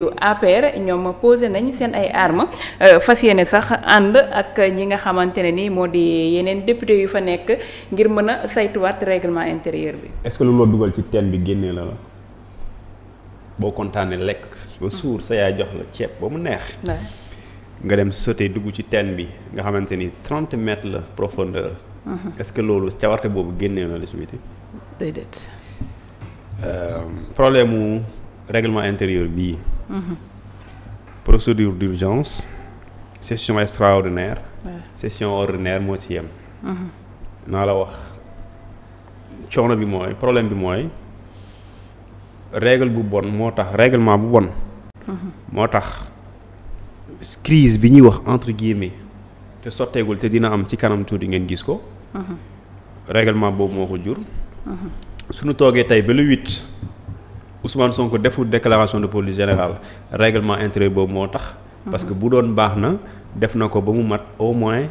APR ñoom posé nañ seen ay armes euh, fas yéene sax ànd ak ñi nga xamante ne ni moo di yeneen député yu fa nekk ngir mën a saytuwaat règlement intérieur bi. est lu loo dugal ci teen bi génnee la la boo kontaanee lekk ba suur sa yaay jox la ceeb ba mu neex. nga dem sauté dugg ci teen bi nga xamante ni trente mètres la profondeur. Mhm. est-ce que loolu cawarte boobu génnee na la ci biti. déedéet. Euh, problème mu règlement intérieur bii. procédure d'urgence session extraordinaire session ordinaire moo ci yem mhm. naa la wax coono bi mooy problème bi mooy régle bu bon moo tax règlement bu bon mhm. moo tax crise bi ñuy wax entre guillemets te sotteegul te dina am ci kanam tuuti ngeen gis ko mhm. règlement boobu moo ko jur suñu toogee tey ba le huit Ousmane ko deful déclaration de politique générale règlement intérieur boobu moo tax. parce que bu doon baax na def na ko ba mu mat au moins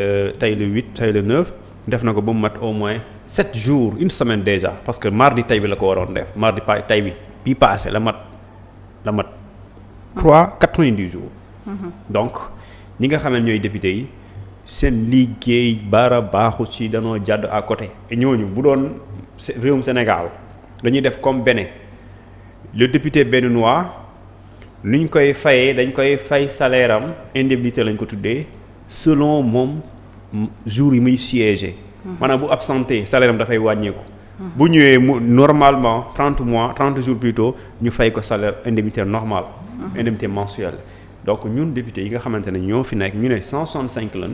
euh, tey le huit tey le neuf def na ko ba mu mat au moins sept jours une semaine déjà parce que mardi tey bi la ko waroon def mardi pa tey bi bii passé la mat la mat. trois quatre-vingt-dix jours. donc ñi nga xam ne ñooy député yi seen liggéey bara baaxu ci danoo jàdd à côté. ñooñu bu doon réewum Sénégal dañuy def comme bene le député béninois lu ñu koy fayee dañ koy fay salaire am indemnité lañ ko tuddee selon moom jour yi muy siégé. Mhm. maanaam bu absenté salaire am dafay wàññeeku. bu ñëwee mu normalement trente mois trente jours plus tôt ñu fay ko salaire indemnité normal mhm. indemnité mensuelle. donc ñun député yi nga xamante ne ñoo fi nekk ñu ne cent cinq lan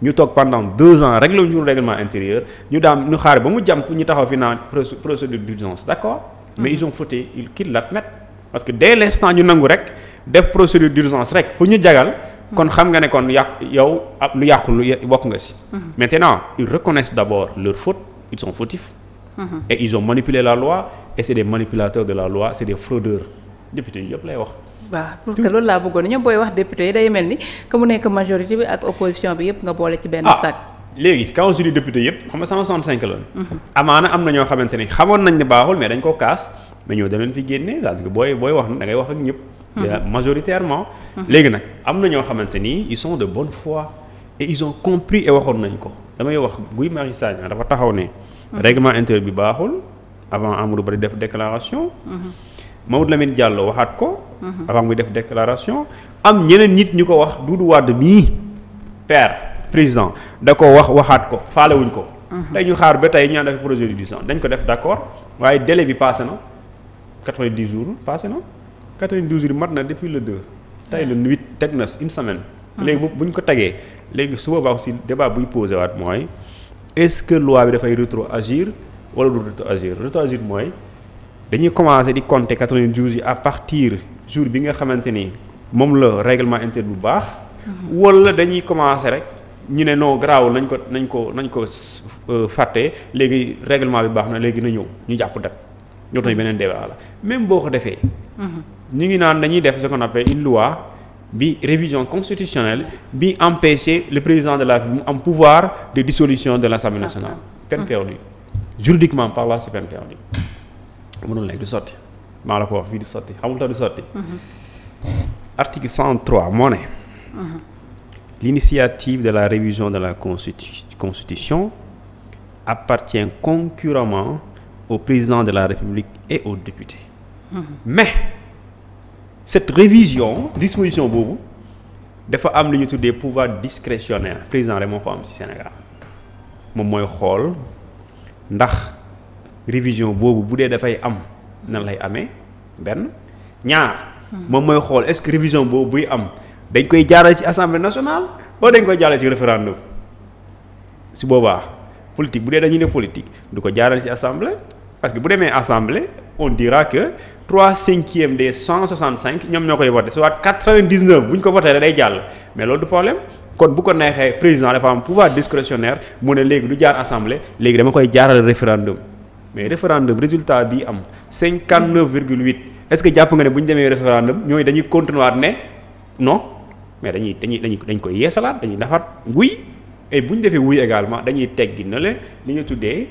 ñu toog pendant deux ans réglé ñu règlement intérieur ñu daan ñu xaar ba mu jàmp ñu taxaw fi naan procédure d'urgence d'accord. mais ils ont fauté ils qu'ils l'admettent parce que dès l'instant ñu nangu rek def procédure d'urgence rek pour ñu jagal kon xam nga ne kon yàq yow ab lu yàqu lu bokk nga si mhm. maintenant ils reconnaissent d'abord leur faute ils sont fautifs mhm. et ils ont manipulé la loi et c'est des manipulateurs de la loi c'est des fraudeurs député yi yëpp lay wax waaw pour que loolu laa bëggoon ñoom booy wax député yi day mel ni que mu nekk majorité bi ak opposition bi yëpp nga boole ci léegi quand je dis député yëpp xam nga 165 la. amaana am na ñoo xamante ni xamoon nañ ne baaxul mais dañ koo kaas mais ñoo da leen fi génne daal booy booy wax da ngay wax ak ñëpp. majoritairement. léegi nag am na ñoo xamante ni ils sont de bonne foi et ils ont compris et waxoon nañ ko damay wax Guy Marius Sagna dafa taxaw ne. règlement intérieur bi baaxul avant Amadou Ba di def déclaration. Mamadou Lamine Diallo waxaat ko. avant muy def déclaration am ñeneen nit ñu ko wax Doudou Wade mii père. président da ko wax waxaat ko faalewuñ ko. tey mhm. ñu xaar ba tey ñu def projet de décision dañ ko def d' accord waaye délai bi passé na 90 jour passé na 92 jours mat na depuis le 2 tey le 8 teg na une semaine. Mhm. léegi bu ñu ko tegee léegi su boobaa aussi débat buy posé waat mooy est ce que loi bi dafay rétroagir wala du rétroagir rétroagir mooy dañuy commencé di compter 90 jours yi à partir jour bi nga xamante ni moom la règlement interne bu baax. Mhm. wala dañuy commencé rek. ñu ne non garaaw nañ ko nañ ko nañ ko euh, fàtte léegi réglement bi baax na léegi na ñëw ñu jàpp dat ñoo tax beneen débat la même boo ko defee. Mhm. ñu ngi naan dañuy def ce qu'on appelle une loi bi révision constitutionnelle bi empêcher le président de la mu am pouvoir de dissolution de l'Assemblée nationale. peine mhm. perdue juridiquement parlant c'est peine perdue. mënul nekk du sotti maa la ko wax fii du sotti xamul du sotti. Mhm. article 103 moo ne. l'initiative de la révision de la Constitu Constitution appartient concurremment au président de la République et aux députés. Mmh. Mais cette révision disposition boobu dafa am lu ñu tuddee pouvoir discrétionnaire président rek moo ko am ci Sénégal moom mooy xool ndax révision boobu bu dee dafay am nan lay amee benn ñaar. moom mooy xool est-ce que révision boobu buy am. dañ koy jaaral ci assemblée nationale wala dañ koy jaarale ci référendum su boobaa politique bu dee dañuy ne politique du ko jaarale ci assemblée parce que bu demee assemblée on dira que trois cinquièmes des cent soixante cinq ñoom ñoo koy voté soit quatre vingt dix neuf bu ñu ko voté day jàll mais loolu du problème. kon bu ko neexee président dafa am pouvoir discrétionnaire mu ne léegi du jaar assemblée léegi dama koy jaarale référendum mais référendum résultat bi am cinquante neuf virgule huit est ce que jàpp nga ne bu demee référendum ñooy dañuy continuer ne non. mais dañuy dañu dañuy dañ koy yeesalaat dañuy defar wuy et bu ñu defee wuy également dañuy teggi na le li ñu tuddee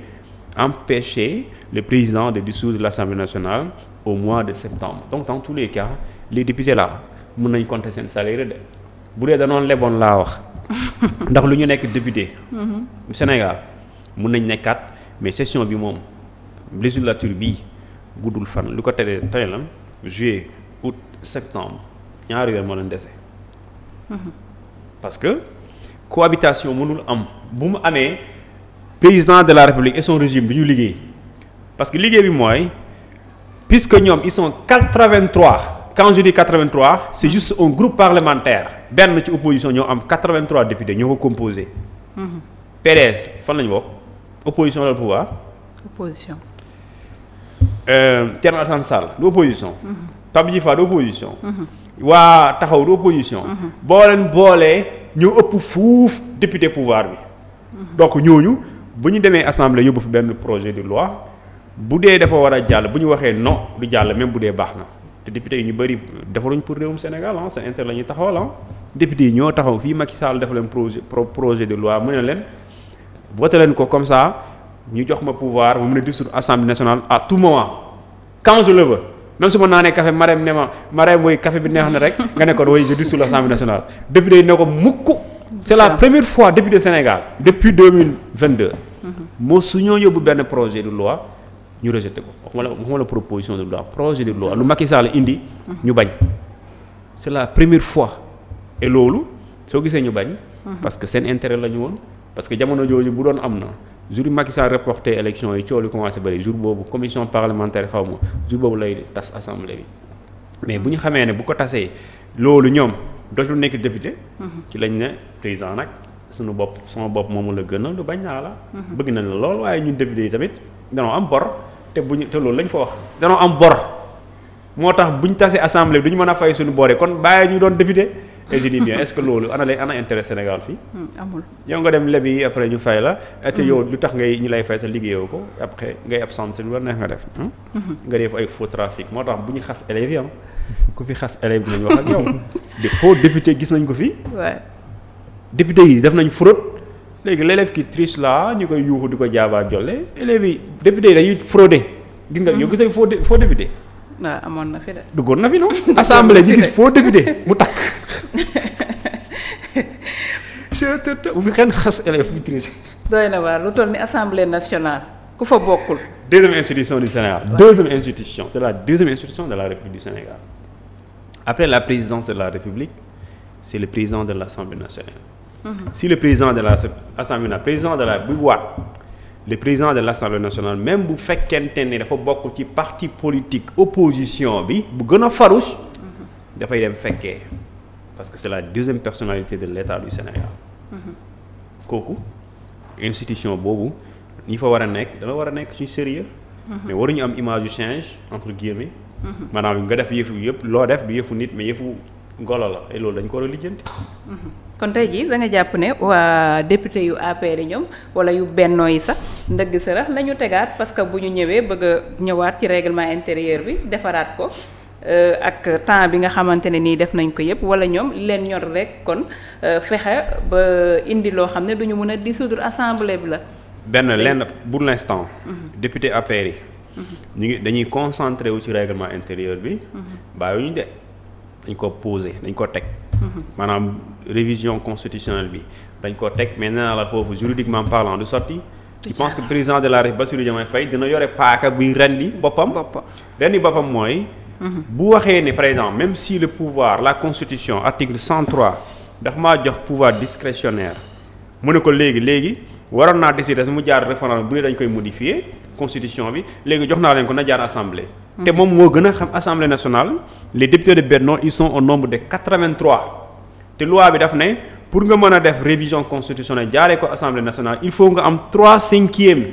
empêcher le président de dissoudre l'Assemblée nationale au mois de septembre donc dans tous les cas les députés là mën nañ compter seen salaire de bu dee danoon leboon laa wax ndax lu ñu nekk député mhm. Sénégal mun nañ nekkaat mais session bi moom législature bii guddul fan lu ko teree tere lan juillet août septembre ñaari weer moo leen dese parce que cohabitation mënul am bu mu amee président de la république et son régime du ñu liggéey parce que liggéey bi mooy puisque ñoom ils sont 83 quand je dis 83 c'est juste un groupe parlementaire benn ci opposition ñoo am 83 députés ñoo ko composé. PDS fan la ñu bokk opposition la pouvoir. opposition. Euh, Thierno Alassane du opposition. Mhm. waa taxaw du opposition. Mhm. boo leen boolee ñëw ëpp fuuf député pouvoir bi. Mhm. donc ñooñu bu ñu demee assemblée yóbbu fu benn projet de loi bu dee dafa war a jàll bu ñu waxee no du jàll même bu dee baax na te député yi ñu bëri defaluñ pour réewum Sénégal ah seen intérêt la ñuy taxawal ah. député yi ñoo taxaw fii Macky Sall dafa leen projet projet de loi mu ne leen voté leen ko comme ça ñu jox ma pouvoir ma mën a dissoudre assemblée nationale à tout moment quand je le même su ma naanee café Marème ne ma Marème mooy café bi neex na rek nga ne ko woy je dis sous l'Assemblée nationale député yi ne ko mukk c'est la première fois depuis de Sénégal depuis 2022 mhm. moo su ñoo yóbbu benn projet de loi ñu rejeté ko waxuma la waxuma la proposition de loi projet de loi lu Macky Sall indi mhm. ñu bañ c'est la première fois et loolu soo gisee ñu bañ mhm. parce que seen intérêt la ñu woon parce que jamono jooju bu doon am na jour bi Macky Sall reporté élection yi coow li commencé bëri jour boobu commission parlementaire xaw ma jour boobu lay tas assemblée bi mais bu ñu xamee ne bu ko tasee loolu ñoom dootul nekk député. Mhm. ci lañ ne président nag suñu bopp sama bopp moomu la gën a lu bañ naa la. Mhm. bëgg nañ la lool waaye ñu député yi tamit danoo am bor te bu ñu te loolu lañ fa wax. danoo am bor moo tax bu ñu tasee assemblée bi du ñu mën a fay suñu booree kon bàyyi ñu doon député. Eugénie bien est-ce que loolu ana lay ana intérêt Sénégal fii. Hmm, amul yow nga dem lebi après ñu fay la. te yow lu tax ngay ñu lay fay sa liggéeyoo ko après ngay absence lu la neex nga def. Hmm? Hmm. nga def ay faux moo tax bu ñu xas élèves yi ku fi xas élèves yi nañ wax ak yow de faux député gis nañ ko fii waaw yi def nañ fraude léegi l'élève qui triche la ñu koy yuuxu di ko jaabaa jolle élèves yi député yi dañuy frauder. gis nga yow gisay faux faux député. waaw amoon na fi de. duggoon na fi noonu. monsieur Tete bu fi kenn xas élève maîtrise. doy na waar lu toll ni assemblée nationale ku fa bokkul. deuxième institution du Sénégal. deuxième institution c'est la deuxième institution de la République du Sénégal. après la présidence de la République c'est le président de l'Assemblée nationale. Mm si le président de l'Assemblée nationale président de la bu waat le président de l'Assemblée nationale même bu fekkente ne dafa bokk ci parti politique opposition bi bu gën a farouche. Mhm. dafay dem fekkee parce que c'est la deuxième personnalité de l'État kooku institution boobu ñi fa war a nekk dana war a nekk ci sérieux mais waruñu am image yu change entre guillemets maanaam nga def yëfu yëpp loo def du yëfu nit mais yëfu golo la ay loolu dañ ko war a lijjanti kon tey jii da nga jàpp ne waa député yu APR ñoom wala yu bennoo yi sax ndëgg sarax la ñu tegaat parce que bu ñu ñëwee bëgg ñëwaat ci réglement intérieur bi defaraat ko Euh, ak temps bi nga xamante ne nii def nañ ko yépp wala ñoom leen ñor rek kon euh, fexe ba indi loo xam ne duñu mën a dissoudre assemblée bi la. benn lenn pour l'instant. Mhm. député APR yi. Mhm. ñu ngi dañuy concentré wu ci règlement intérieur bi. Mhm. bàyyiwuñu de dañ ko posé dañ ko teg. maanaam révision constitutionnelle bi dañ ko teg mais nee naa la foofu juridiquement parlant du sotti. je pense que président de la République Bassirou Diomaye Faye dina yore paaka buy rendi boppam. rendi boppam mooy. bu waxee ne par exemple même si le pouvoir la constitution article 103 dafa maa jox pouvoir discrétionnaire mu ne ko léegi léegi waroon naa décider su mu jaar référendum bu ne dañ koy modifier constitution bi léegi jox naa leen ko na jaar assemblée. Mm-hmm. te moom moo gën a xam assemblée nationale les députés de Benno ils sont au nombre de 83 te loi bi daf ne pour nga mën a def révision constitutionnelle jaaree ko assemblée nationale il faut nga am 3 cinquième.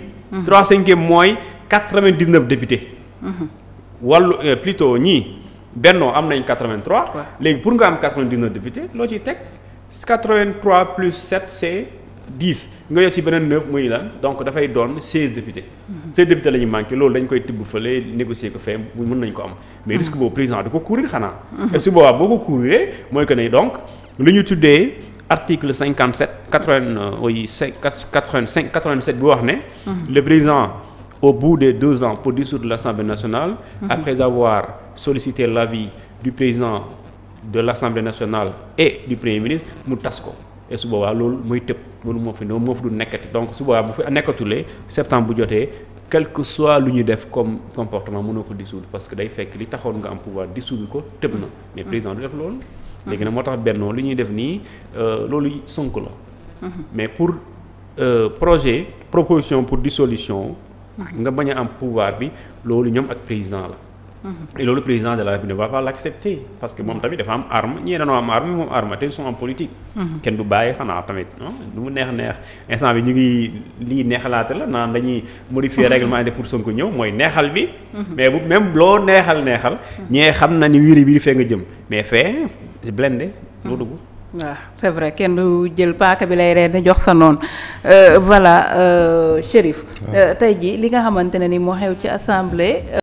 3 mm-hmm. cinquième mooy 99 députés. Mmh. wàllu euh, plutôt ñii Benno am nañ 83. léegi pour nga am 99 députés loo ciy teg 83 plus 7 c'est 10 nga yor ci beneen 9 muy lan donc dafay doon 16 députés. 16 mm-hmm. députés la ñu manqué loolu dañ koy tibb fële négocier ko fee mën nañ ko am. mais mm-hmm. risque boobu président di ko courir xanaa. Mm-hmm. et su boobaa boo ko couriree mooy que ne donc lu ñu tuddee. article 57 80 euh, oui 85 87 bi wax ne. le président au bout des deux ans pour dissoudre l'Assemblée nationale, mmh. après avoir sollicité l'avis du président de l'Assemblée nationale et du Premier ministre mu tas ko et su boobaa loolu muy tëb loolu moo fi ne moo fi du nekkati donc su boobaa bu fi nekkatulee septembre bu jotee quel que soit lu ñu def comme comportement munoo ko dissoudre parce que day fekk li taxoon nga am pouvoir dissoudre ko tëb na mais mhm. président du def loolu mhm. léegi na moo tax bennoo li ñuy def nii euh, loolu Sonko la mhm. mais pour euh, projet proposition pour dissolution Mm-hmm. nga bañ am pouvoir bi loolu ñoom ak président la. Mm-hmm. et loolu président de la République ne va pas parce que moom tamit dafa am arme ñii dañoo am arme moom arme te ils sont en mm-hmm. kenn du bàyyi xanaa tamit ah, lu mu neex neex instant bi ñu ngi lii neexalaate la naan dañuy modifier règlement de pour ko ñëw mooy neexal bi. mais bu même loo neexal neexal. ñee xam na ni wiri wiri fee nga jëm mais fee blende. doo dugg. waaw c'est vrai kenn du jël paaka bi lay reene jox sa noonu euh, voilà euh, Chérif euh, tey ji li nga xamante ne ni moo xew ci assemblée